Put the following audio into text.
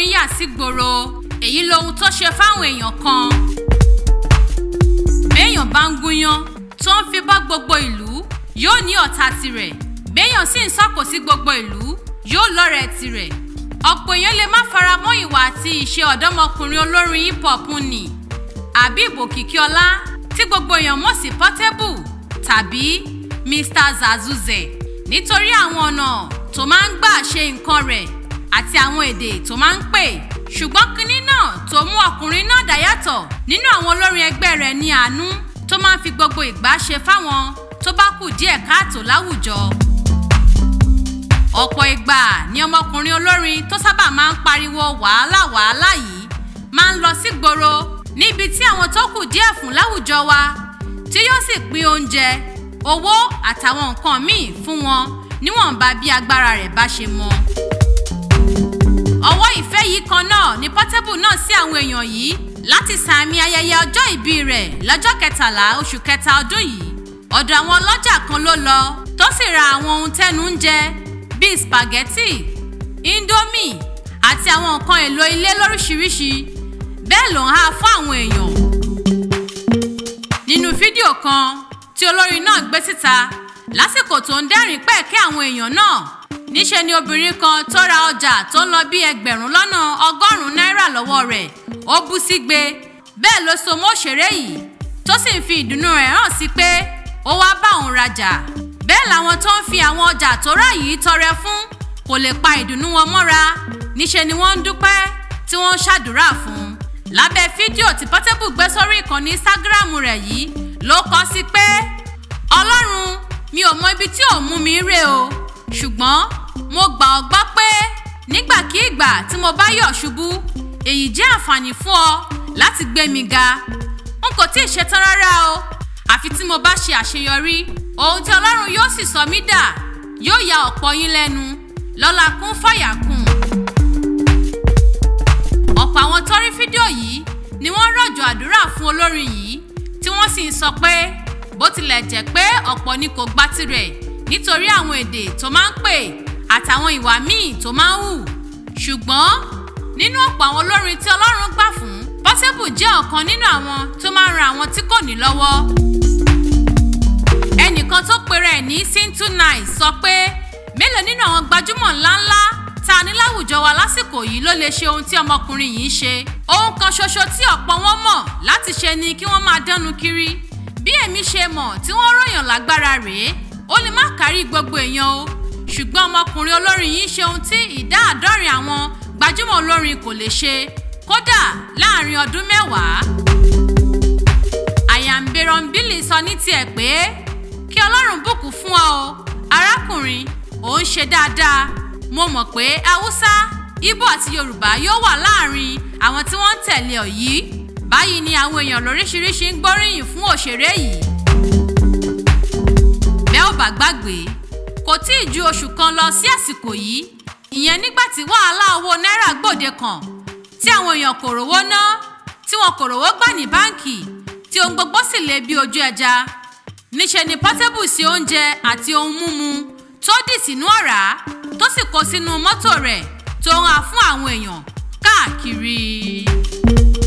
olórin yà sí gbòòrò èyí lohun tó ṣe fáwọn èèyàn kan béèyàn bá ń gúnyán tó ń fi bá gbogbo ìlú yóò ní ọ̀tá tirẹ̀ béèyàn sì ń sọ̀kò sí gbogbo ìlú yóò lọ́rẹ̀ẹ́ tirẹ̀ ọ̀pọ̀ èèyàn lè má fara mọ́ ìwà àti ìṣe ọ̀dọ́mọkùnrin olórin hip hop nì Habib Òkìkíọlá tí gbogbo èèyàn mọ̀ sí Portable tàbí Mr Zazuze nítorí àwọn ọ̀nà tó máa ń gbà ṣe nǹkan rẹ̀ àti àwọn èdè tó máa ń pè ṣùgbọ́n kinní náà tó mú ọkùnrin náà dáyàtọ̀ nínú àwọn olórin ẹgbẹ́ rẹ̀ ní àánú tó máa ń fi gbogbo ìgbà ṣe fáwọn tó bá kù díẹ̀ káàtó láwùjọ. ọ̀pọ̀ ìgbà ni ọmọkùnrin olórin tó sábà máa ń pariwo wàhálà wàhálà yìí máa ń lọ sígboro níbi tí àwọn tó kù díẹ̀ fún láwùjọ wa tí yóò sì pín oúnjẹ owó àtàwọn nǹkan míì fún wọn níwọ̀nba bí agbára rẹ̀ bá ṣe mọ kan náà ni Portable náà sí àwọn èèyàn yìí láti sàmì ayẹyẹ ọjọ́ ìbí rẹ̀ lọ́jọ́ kẹtàlá oṣù kẹta ọdún yìí ọ̀dọ̀ àwọn ọlọ́jà kan ló lọ tó sì ra àwọn ohun tẹ́nu ń jẹ bíi spaghetti indomie àti àwọn nǹkan èlò ilé lóríṣiríṣi bẹ́ẹ̀ ló ń há fún àwọn èèyàn. nínú fídíò kan tí olórin náà gbé síta lásìkò tó ń dẹ́rìn pẹ̀kẹ́ àwọn èèyàn náà níṣẹ́ ni obìnrin kan tó ra ọjà tó ń lọ bí ẹgbẹ̀rún lọ́nà ọgọ́rùn-ún náírà lọ́wọ́ rẹ̀ ó bú sígbe bẹ́ẹ̀ ló so mọ́ òṣèré yìí tó sì ń fi ìdùnnú rẹ̀ hàn sí pé ó wá bá òun rajà bẹ́ẹ̀ làwọn tó ń fi àwọn ọjà tó rà yìí tọrẹ fún kò lè pa ìdùnnú wọn mọ́ra níṣẹ́ ni wọ́n ń dúpẹ́ tí wọ́n ń ṣàdúrà fún un fídíò tí Portable gbé sórí ìkànnì Instagram rẹ̀ yìí ló kọ sí pé Ọlọ́run mi ò mọ ibi tí ò mú mi rè o ṣùgbọ́n mo gbà ọ́ gbọ́ pé nígbàkigbà tí mo bá yọ̀ ṣubú èyí jẹ́ àǹfààní fún ọ láti gbé mi ga n kò tí ì ṣetán rárá o àfi tí mo bá ṣe àṣeyọrí ohun tí ọlọ́run yóò sì sọ mí dà yóò ya ọ̀pọ̀ yín lẹ́nu lọ́la kún fàyà kún. ọ̀pọ̀ àwọn tó rí fídíò yìí ni wọ́n rọ̀jò àdúrà fún olórin yìí tí wọ́n sì ń sọ pé bó tilẹ̀ jẹ́ pé ọ̀pọ̀ ni kò gbà tirẹ̀ nítorí àwọn èdè tó máa ń pè àtàwọn ìwà míì tó máa ń hù ṣùgbọ́n nínú ọ̀pọ̀ àwọn olórin tí Ọlọ́run gbà fún Portable jẹ́ ọ̀kan nínú àwọn tó máa ń ran àwọn tí kò ní lọ́wọ́ ẹnìkan tó pera ẹ̀ ní Sintu Nine sọ pé mélòó nínú àwọn gbajúmọ̀ ńláńlá tá a ní láwùjọ wa lásìkò yìí ló lè ṣe ohun tí ọmọkùnrin yìí ń ṣe ohun kan ṣoṣo tí ọ̀pọ̀ wọn mọ̀ láti ṣe ni kí wọ́n máa dánu kiri bí èmi ṣe mọ̀ tí wọ́n ròyàn lágbára rèé ó lè má kárí gbogbo èèyàn o ṣùgbọ́n ọmọkùnrin olórin yìí ṣe ohun tí ìdá àádọ́rin àwọn gbajúmọ̀ olórin kò lè ṣe kódà láàrin ọdún mẹ́wàá. àyànbẹ̀rọ̀n bílì sọ ní tiẹ̀ pé kí ọlọ́run bùkún fún ọ o arákùnrin ò ń ṣe dáadáa mo mọ̀ pé haúsá ibo àti yorùbá yóò wà láàrin àwọn tí wọ́n ń tẹ̀lé ọ yìí báyìí ni àwọn èèyàn lóríṣiríṣi ń gbóríyìn fún òṣèré yìí ò bá gbàgbé kò tí ì ju oṣù kan lọ sí àsìkò yìí ìyẹn nígbà tí wàhálà owó náírà gbòde kan tí àwọn èèyàn kò rówó ná tí wọn kò rówó gbà ní báǹkì tí ohun gbogbo sì le bí ojú ẹja níṣe ni Portable sí oúnjẹ àti ohun múmu tó dì sínú ọ̀rá tó sì kó sínú mọ́tò rẹ̀ tó ń ha fún àwọn èèyàn káàkiri.